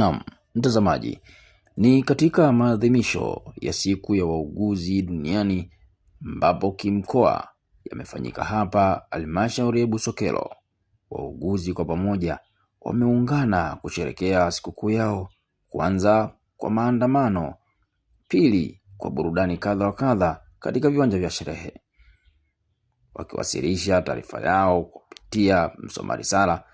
Naam, mtazamaji, ni katika maadhimisho ya siku ya wauguzi duniani ambapo kimkoa yamefanyika hapa halmashauri ya Busokelo. Wauguzi kwa pamoja wameungana kusherekea sikukuu yao, kwanza kwa maandamano, pili kwa burudani kadha wa kadha katika viwanja vya sherehe, wakiwasilisha taarifa yao kupitia msomari sala.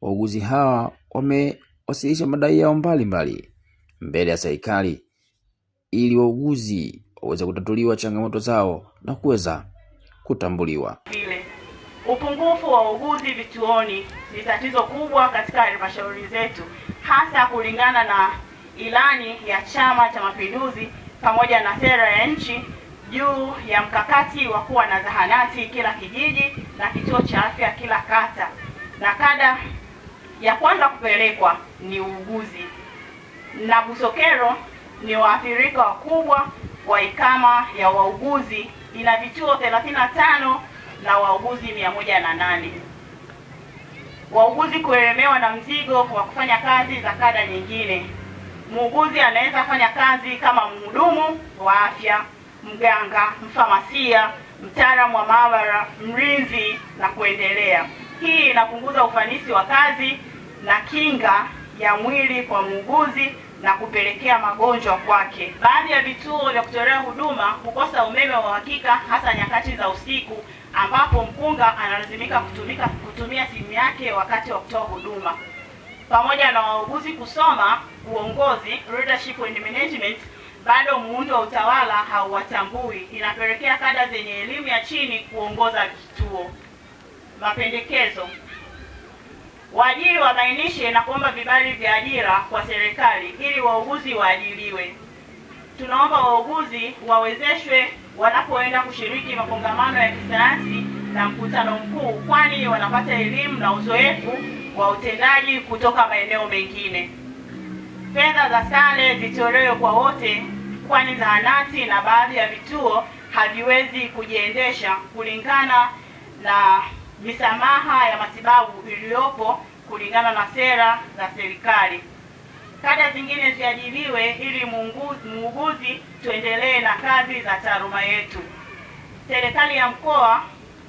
Wauguzi hawa wame wasilisha madai yao mbalimbali mbele ya serikali ili wauguzi waweze kutatuliwa changamoto zao na kuweza kutambuliwa. Upungufu wa wauguzi vituoni ni tatizo kubwa katika halmashauri zetu, hasa kulingana na ilani ya Chama cha Mapinduzi pamoja na sera ya nchi juu ya mkakati wa kuwa na zahanati kila kijiji na kituo cha afya kila kata na kada ya kwanza kupelekwa ni uuguzi, na Busokero ni waathirika wakubwa wa ikama ya wauguzi, ina vituo 35 na wauguzi 108. Wauguzi kuelemewa na mzigo wa kufanya kazi za kada nyingine. Muuguzi anaweza fanya kazi kama mhudumu wa afya, mganga, mfamasia, mtaalamu wa maabara, mlinzi na kuendelea. Hii inapunguza ufanisi wa kazi na kinga ya mwili kwa muuguzi na kupelekea magonjwa kwake. Baadhi ya vituo vya kutolea huduma hukosa umeme wa uhakika, hasa nyakati za usiku ambapo mkunga analazimika kutumika kutumia simu yake wakati wa kutoa huduma. Pamoja na wauguzi kusoma uongozi, leadership and management, bado muundo wa utawala hauwatambui, inapelekea kada zenye elimu ya chini kuongoza vituo. Mapendekezo. Waajiri wabainishe na kuomba vibali vya ajira kwa serikali ili wauguzi waajiriwe. Tunaomba wauguzi wawezeshwe wanapoenda kushiriki makongamano ya kisayansi na mkutano mkuu, kwani wanapata elimu na uzoefu wa utendaji kutoka maeneo mengine. Fedha za sare zitolewe kwa wote, kwani zahanati na baadhi ya vituo haviwezi kujiendesha kulingana na misamaha ya matibabu iliyopo kulingana na sera za serikali. Kada zingine ziajiliwe ili muuguzi tuendelee na kazi za taaluma yetu. Serikali ya mkoa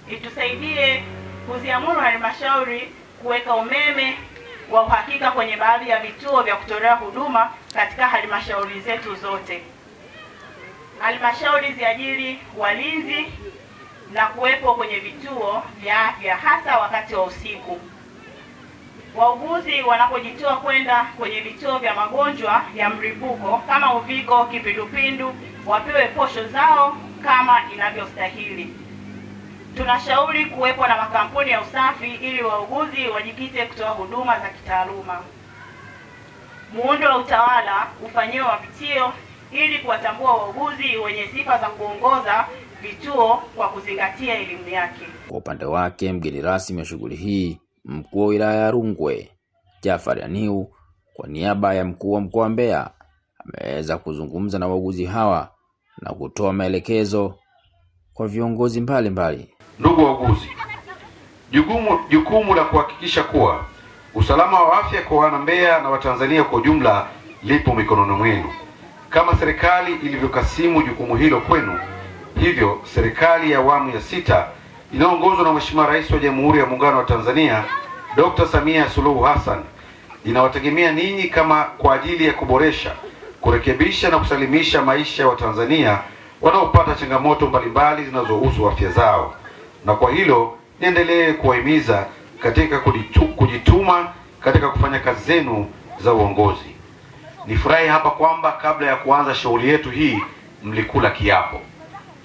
itusaidie kuziamuru halmashauri kuweka umeme wa uhakika kwenye baadhi ya vituo vya kutolea huduma katika halmashauri zetu zote. Halmashauri ziajiri walinzi na kuwepo kwenye vituo vya afya hasa wakati wa usiku. Wauguzi wanapojitoa kwenda kwenye vituo vya magonjwa ya mlipuko kama uviko, kipindupindu, wapewe posho zao kama inavyostahili. Tunashauri kuwepo na makampuni ya usafi ili wauguzi wajikite kutoa huduma za kitaaluma. Muundo wa utawala ufanyiwe mapitio ili kuwatambua wauguzi wenye sifa za kuongoza vituo kwa kuzingatia elimu yake. Kwa upande wake, mgeni rasmi wa shughuli hii, mkuu wa wilaya ya Rungwe Jafari Aniu, kwa niaba ya mkuu wa mkoa wa Mbeya, ameweza kuzungumza na wauguzi hawa na kutoa maelekezo kwa viongozi mbalimbali. Ndugu wauguzi, jukumu jukumu la kuhakikisha kuwa usalama wa afya kwa wana Mbeya na Watanzania kwa ujumla lipo mikononi mwenu, kama serikali ilivyokasimu jukumu hilo kwenu Hivyo serikali ya awamu ya sita inayoongozwa na Mheshimiwa Rais wa Jamhuri ya Muungano wa Tanzania Dr. Samia Suluhu Hassan inawategemea ninyi kama kwa ajili ya kuboresha, kurekebisha na kusalimisha maisha ya Watanzania wanaopata changamoto mbalimbali zinazohusu afya zao, na kwa hilo niendelee kuwahimiza katika kujituma katika kufanya kazi zenu za uongozi. Nifurahi hapa kwamba kabla ya kuanza shughuli yetu hii mlikula kiapo.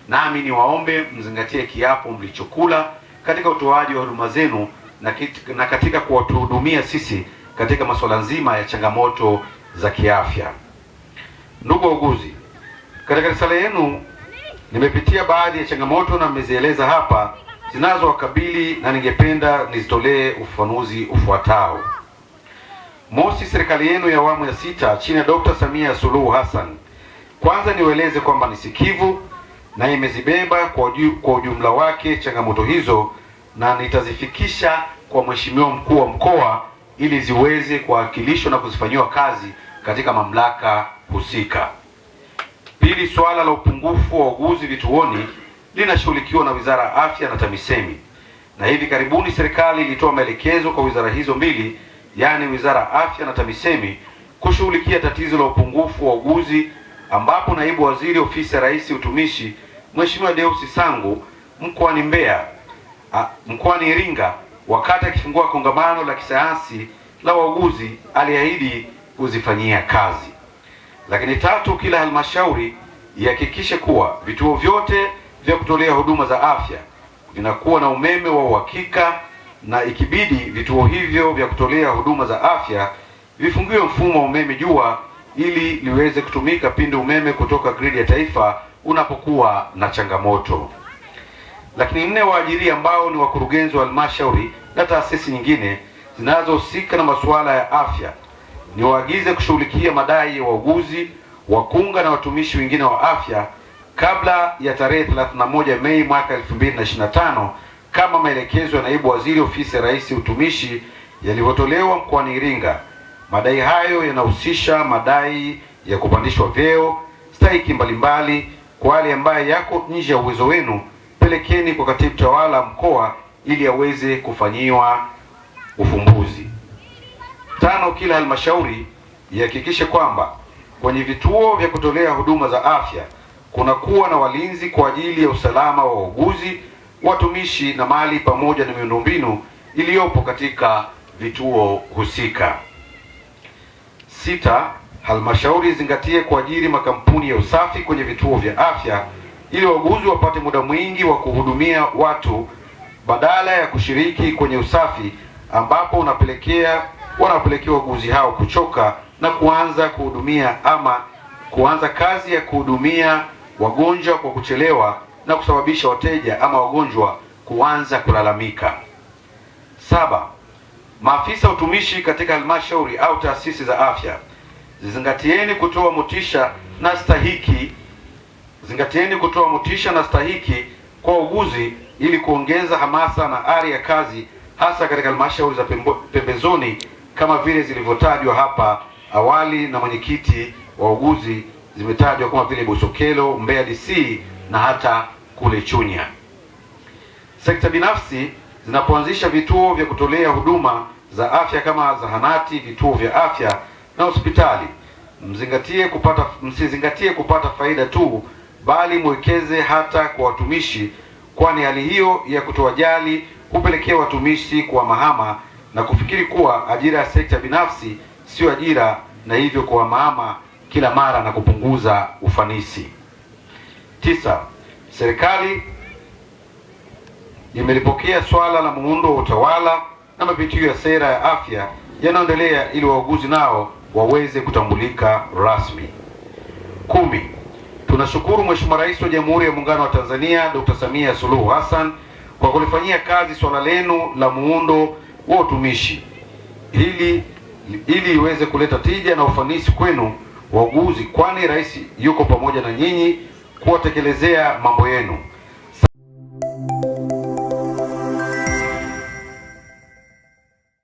Nami niwaombe mzingatie kiapo mlichokula katika utoaji wa huduma zenu na, na katika kuwatuhudumia sisi katika masuala nzima ya changamoto za kiafya. Ndugu wauguzi, katika risala yenu nimepitia baadhi ya changamoto na mmezieleza hapa zinazowakabili na ningependa nizitolee ufafanuzi ufuatao. Mosi, serikali yenu ya awamu ya sita chini ya Dkt. Samia Suluhu Hassan, kwanza niwaeleze kwamba ni sikivu na imezibeba kwa, uju, kwa ujumla wake changamoto hizo na nitazifikisha kwa mheshimiwa mkuu wa mkoa ili ziweze kuwakilishwa na kuzifanyiwa kazi katika mamlaka husika. Pili, suala la upungufu wa uguzi vituoni linashughulikiwa na Wizara ya Afya na TAMISEMI, na hivi karibuni serikali ilitoa maelekezo kwa wizara hizo mbili, yaani Wizara ya Afya na TAMISEMI kushughulikia tatizo la upungufu wa uguzi ambapo naibu waziri ofisi ya Rais utumishi Mheshimiwa Deusi Sangu mkoani Mbeya, mkoani Iringa, wakati akifungua kongamano la kisayansi la wauguzi aliahidi kuzifanyia kazi. Lakini tatu, kila halmashauri ihakikishe kuwa vituo vyote vya kutolea huduma za afya vinakuwa na umeme wa uhakika na ikibidi vituo hivyo vya kutolea huduma za afya vifungiwe mfumo wa umeme jua ili liweze kutumika pindi umeme kutoka gridi ya taifa unapokuwa na changamoto. Lakini nne, waajiri ambao ni wakurugenzi wa halmashauri na taasisi nyingine zinazohusika na masuala ya afya ni waagize kushughulikia madai ya wauguzi, wakunga na watumishi wengine wa afya kabla ya tarehe 31 Mei mwaka 2025 kama maelekezo ya naibu waziri ofisi ya Rais utumishi yalivyotolewa mkoani Iringa. Madai hayo yanahusisha madai ya kupandishwa vyeo, stahiki mbalimbali kwa yale ambayo yako nje ya uwezo wenu, pelekeni kwa katibu tawala mkoa ili aweze kufanyiwa ufumbuzi. Tano, kila halmashauri ihakikishe kwamba kwenye vituo vya kutolea huduma za afya kunakuwa na walinzi kwa ajili ya usalama wa wauguzi, watumishi na mali pamoja na miundombinu iliyopo katika vituo husika. Sita, halmashauri izingatie kuajiri makampuni ya usafi kwenye vituo vya afya ili wauguzi wapate muda mwingi wa kuhudumia watu badala ya kushiriki kwenye usafi ambapo unapelekea wanapelekea wauguzi hao kuchoka na kuanza kuhudumia ama kuanza kazi ya kuhudumia wagonjwa kwa kuchelewa na kusababisha wateja ama wagonjwa kuanza kulalamika. Saba, maafisa utumishi katika halmashauri au taasisi za afya zingatieni kutoa motisha na stahiki, zingatieni kutoa motisha na stahiki kwa uguzi ili kuongeza hamasa na ari ya kazi, hasa katika halmashauri za pembezoni kama vile zilivyotajwa hapa awali na mwenyekiti wa uguzi, zimetajwa kama vile Busokelo, Mbeya DC na hata kule Chunya. Sekta binafsi zinapoanzisha vituo vya kutolea huduma za afya kama zahanati, vituo vya afya na hospitali. Mzingatie kupata, msizingatie kupata faida tu, bali mwekeze hata kwa watumishi, kwani hali hiyo ya kutowajali hupelekea watumishi mahama na kufikiri kuwa ajira ya sekta binafsi sio ajira, na hivyo kuhamahama kila mara na kupunguza ufanisi. Tisa, serikali imelipokea swala la muundo wa utawala na mapitio ya sera ya afya yanaendelea ili wauguzi nao waweze kutambulika rasmi. Kumi, tunashukuru Mheshimiwa Rais wa Jamhuri ya Muungano wa Tanzania Dr. Samia Suluhu Hassan kwa kulifanyia kazi swala lenu la muundo wa utumishi ili ili iweze kuleta tija na ufanisi kwenu wauguzi, kwani rais yuko pamoja na nyinyi kuwatekelezea mambo yenu.